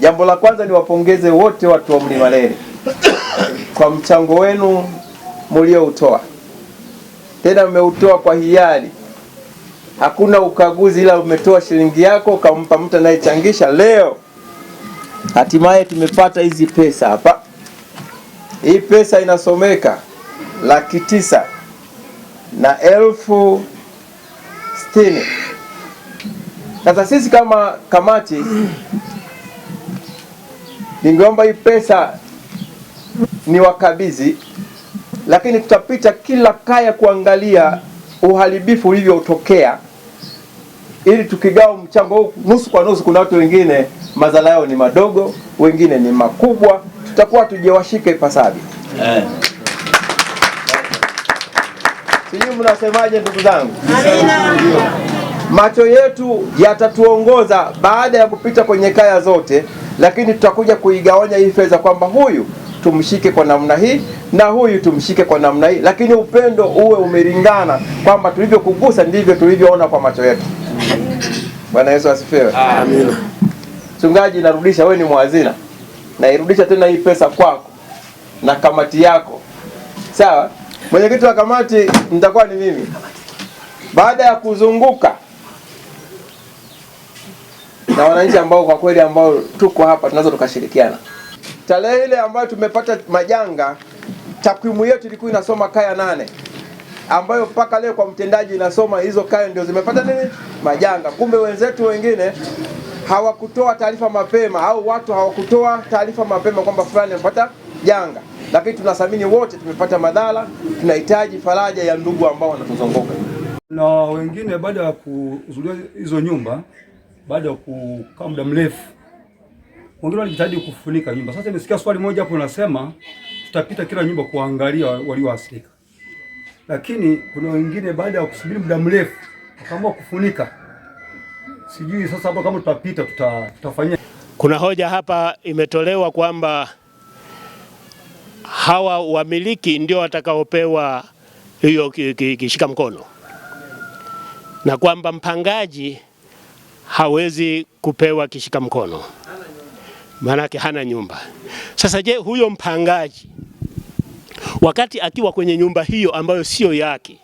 Jambo la kwanza niwapongeze wote watu wa Mlima Leli kwa mchango wenu mlioutoa, tena mmeutoa kwa hiari, hakuna ukaguzi, ila umetoa shilingi yako ukampa mtu anayechangisha. Leo hatimaye tumepata hizi pesa hapa. Hii pesa inasomeka laki tisa na elfu sitini. Sasa sisi kama kamati ningeomba hii pesa ni wakabizi lakini tutapita kila kaya kuangalia uharibifu ulivyotokea, ili tukigawa mchango huu nusu kwa nusu, kuna watu wengine madhara yao ni madogo, wengine ni makubwa, tutakuwa tujewashike ipasavyo. Eh. Sijui mnasemaje ndugu zangu? Macho yetu yatatuongoza baada ya kupita kwenye kaya zote lakini tutakuja kuigawanya hii fedha kwamba huyu tumshike kwa namna hii na huyu tumshike kwa namna hii, lakini upendo uwe umelingana, kwamba tulivyokugusa ndivyo tulivyoona kwa macho yetu. Bwana Yesu asifiwe, amina. Mchungaji, narudisha wewe, ni mwazina, nairudisha tena hii pesa kwako na kamati yako, sawa. Mwenyekiti wa kamati nitakuwa ni mimi. Baada ya kuzunguka na wananchi ambao kwa kweli ambao tuko hapa tunaweza tukashirikiana. Tarehe ile ambayo tumepata majanga, takwimu yetu ilikuwa inasoma kaya nane ambayo mpaka leo kwa mtendaji inasoma hizo kaya ndio zimepata nini majanga. Kumbe wenzetu wengine hawakutoa taarifa mapema, au watu hawakutoa taarifa mapema kwamba fulani amepata janga, lakini tunathamini wote tumepata madhara. Tunahitaji faraja ya ndugu ambao wanatuzunguka na wengine baada ya kuzulia hizo nyumba baada ya kukaa muda mrefu, wengine walijitahidi kufunika nyumba. Sasa nimesikia swali moja hapo unasema tutapita kila nyumba kuangalia walioathirika, lakini kuna wengine baada ya kusubiri muda mrefu wakaamua kufunika. Sijui sasa hapo kama tutapita tuta, tutafanya. Kuna hoja hapa imetolewa kwamba hawa wamiliki ndio watakaopewa hiyo kishika mkono na kwamba mpangaji hawezi kupewa kishika mkono, maanake hana nyumba. Sasa je, huyo mpangaji wakati akiwa kwenye nyumba hiyo ambayo siyo yake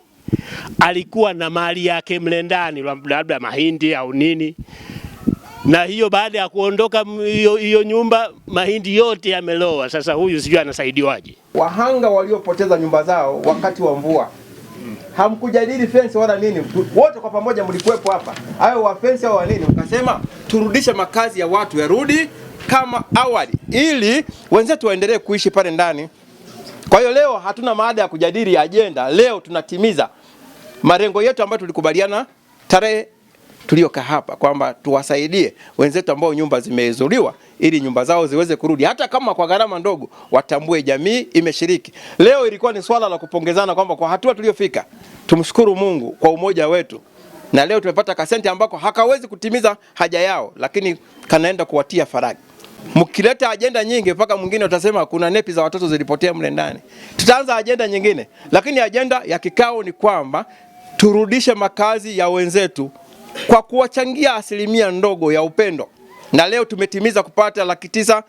alikuwa na mali yake mle ndani, labda mahindi au nini, na hiyo baada ya kuondoka hiyo nyumba mahindi yote yameloa Sasa huyu sijui anasaidiwaje? Wahanga waliopoteza nyumba zao wakati wa mvua hamkujadili fence wala nini, wote kwa pamoja mlikuwepo hapa, hayo wa fence au wa nini, mkasema turudishe makazi ya watu yarudi kama awali, ili wenzetu waendelee kuishi pale ndani. Kwa hiyo leo hatuna maada ya kujadili ajenda, leo tunatimiza malengo yetu ambayo tulikubaliana tarehe tuliokaa hapa kwamba tuwasaidie wenzetu ambao nyumba zimezuliwa ili nyumba zao ziweze kurudi, hata kama kwa gharama ndogo, watambue jamii imeshiriki. Leo ilikuwa ni swala la kupongezana kwamba kwa hatua tuliyofika, tumshukuru Mungu kwa umoja wetu, na leo tumepata kasenti ambako hakawezi kutimiza haja yao, lakini kanaenda kuwatia faraja. Mkileta ajenda nyingi, mpaka mwingine utasema kuna nepi za watoto zilipotea mle ndani, tutaanza ajenda nyingine, lakini ajenda ya kikao ni kwamba turudishe makazi ya wenzetu kwa kuwachangia asilimia ndogo ya upendo, na leo tumetimiza kupata laki tisa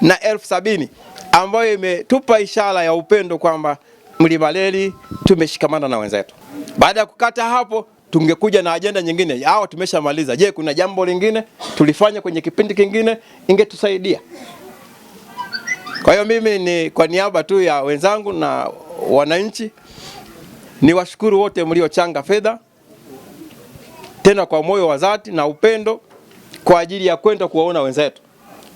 na elfu sabini ambayo imetupa ishara ya upendo kwamba Mlima Reli tumeshikamana na wenzetu. Baada ya kukata hapo, tungekuja na ajenda nyingine. Hao tumeshamaliza. Je, kuna jambo lingine tulifanya kwenye kipindi kingine ingetusaidia? Kwa hiyo mimi ni kwa niaba tu ya wenzangu na wananchi niwashukuru wote mliochanga fedha tena kwa moyo wa dhati na upendo kwa ajili ya kwenda kuwaona wenzetu.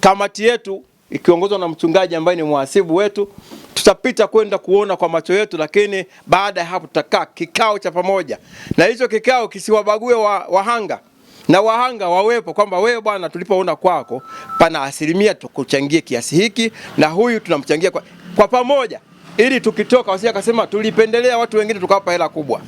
Kamati yetu ikiongozwa na mchungaji ambaye ni mhasibu wetu, tutapita kwenda kuona kwa macho yetu, lakini baada ya hapo tutakaa kikao cha pamoja, na hicho kikao kisiwabague wa, wahanga na wahanga wawepo, kwamba wewe bwana, tulipoona kwako pana asilimia, tukuchangie kiasi hiki na huyu tunamchangia kwa, kwa pamoja, ili tukitoka wasije akasema tulipendelea watu wengine tukawapa hela kubwa.